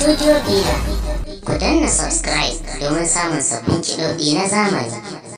Studio Bila. Ku danna subscribe domin samun sabbin kiɗoɗi na zamani.